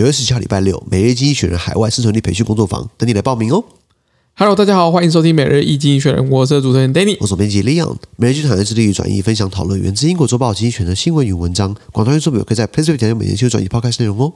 九月十七號禮拜六，每日一經濟學人海外生存力培訓工作坊，等你來報名哦。Hello，大家好，歡迎收聽每日一經濟學人，我是主持人 Danny，我是編輯 Leon。每日經濟學人團隊致力於轉譯分享討論，源自英國周報《經濟學人》新聞與文章。廣告與說明可以在 Facebook 點點每日一經濟學人轉譯 Podcast 內容哦。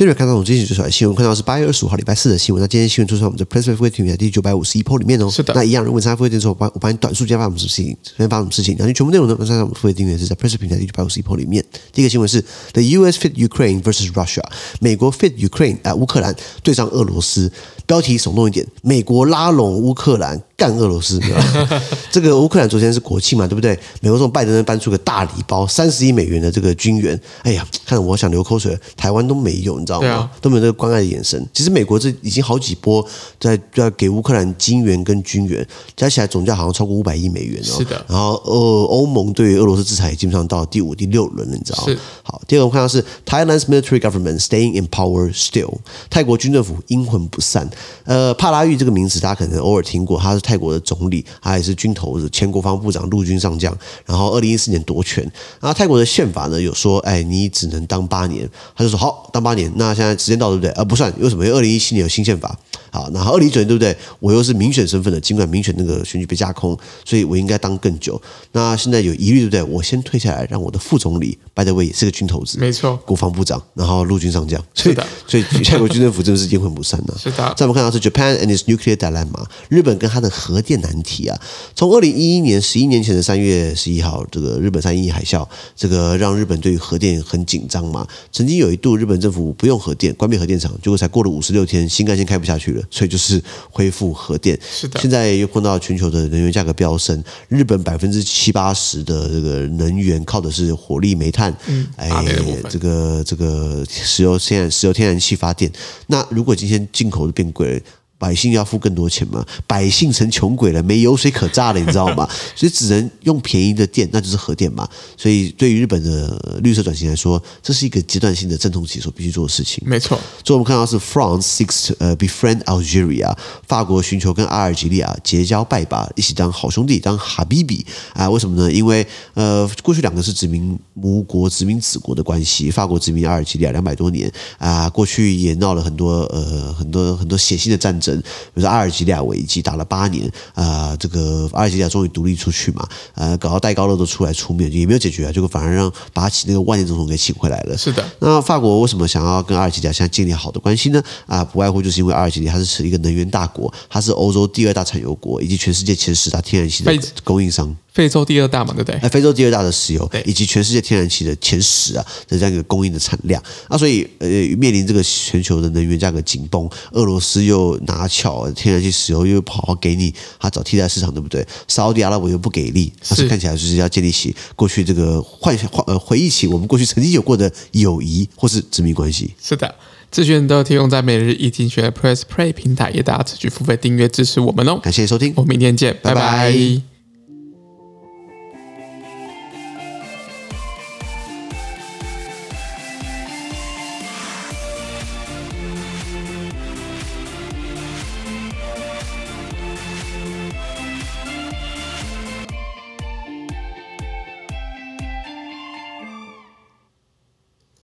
今日看到我們最新出來的新聞，看到是八月二十五號禮拜四的新聞。那今天新聞出現在我們的 PressPlay 平台第九百五十一鋪裡面哦。是的。那一樣，如果想付費訂閱，我幫我幫你短數加發什麼事情？先發什麼事情？然後全部內容呢？我們上付費訂閱是在 PressPlay 平台第九百五十一鋪裡面。第一個新聞是 The U.S. feat. Ukraine versus Russia，美國 feat. Ukraine 在、呃、烏克蘭對上俄羅斯。標題聳動一點，美國拉攏烏克蘭。幹俄羅斯， 這個烏克蘭昨天是國慶嘛，對不對？美國從拜登搬出個大禮包，三十億美元的這個軍援。哎呀，看我想流口水。台灣都沒有，你知道嗎？對啊、都沒有這個關愛的眼神。其實美國這已經好幾波在在，在給烏克蘭金援跟軍援，加起來總價好像超過五百億美元哦。是的。然後呃，歐盟對於俄羅斯制裁也基本上到第五、第六輪了，你知道嗎？好，第二個我們看到是 Thailand's military government staying in power still，泰國軍政府陰魂不散。呃，帕拉玉這個名字大家可能偶爾聽過，他是。泰國的總理，他也是軍頭子，前國防部長、陸軍上將。然後，二零一四年奪權。然後，泰國的憲法呢有說，哎，你只能當八年。他就說好當八年。那現在時間到了，對不對？啊，不算，為什麼？因為二零一七年有新憲法。好，然後二零一九年對不對？我又是民選身份的，儘管民選那個選舉被架空，所以我應該當更久。那現在有疑慮對不對？我先退下來，讓我的副總理 By the way 也是個軍頭子，沒錯，國防部長，然後陸軍上將，所以的所以泰國軍政府真的是陰魂不散吶、啊。是的，再我們看到是 Japan and its nuclear dilemma，日本跟它的核電難題啊。從二零一一年十一年前的三月十一號，這個日本三一一海嘯，這個讓日本對於核電很緊張嘛。曾經有一度，日本政府不用核電關閉核電廠，結果才過了五十六天，新幹線開不下去了。所以就是恢復核電，是的。現在又碰到全球的能源價格飆升，日本百分之七八十的這個能源靠的是火力、煤炭，嗯，哎，這個這個石油、天然石油、天然氣發電。那如果今天進口變貴了？百姓要付更多錢嘛？百姓成窮鬼了，沒油水可榨了，你知道嗎？ 所以只能用便宜的電，那就是核電嘛。所以對於日本的綠色轉型來說，這是一個階段性的陣痛期，所必須做的事情。沒錯。所以我們看到是 France seeks to befriend Algeria, 法國尋求跟阿爾及利亞結交拜把，一起當好兄弟，當哈比比啊？為什麼呢？因為呃，過去兩個是殖民母國殖民子國的關係，法國殖民阿爾及利亞兩百多年啊，過去也鬧了很多呃，很多很多血腥的戰爭。比如說阿爾及利亞危機打了八年啊、呃，這個阿爾及利亞終於獨立出去嘛，呃，搞到戴高樂都出來出面，也沒有解決，結果反而讓把他請那個萬年總統給請回來了。是的，那法國為什麼想要跟阿爾及利亞現在建立好的關係呢？啊、呃，不外乎就是因為阿爾及利亞他是一個能源大國，它是歐洲第二大產油國，以及全世界前十大天然氣的供應商。非洲第二大嘛，對不對？非洲第二大的石油，以及全世界天然氣的前十啊，的這樣一個供應的產量那、啊、所以呃，面臨這個全球的能源價格緊繃，俄羅斯又拿巧天然氣、石油又跑好給你，他、啊、找替代市場，對不對？沙烏地阿拉伯又不給力，所是，是看起來就是要建立起過去這個喚喚呃，回憶起我們過去曾經有過的友誼或是殖民關係。是的，資訊都提供在每日一經濟學人 Press Play 平台，也大家持續付費訂閱支持我們哦。感謝收聽，我們明天見，拜拜。拜拜。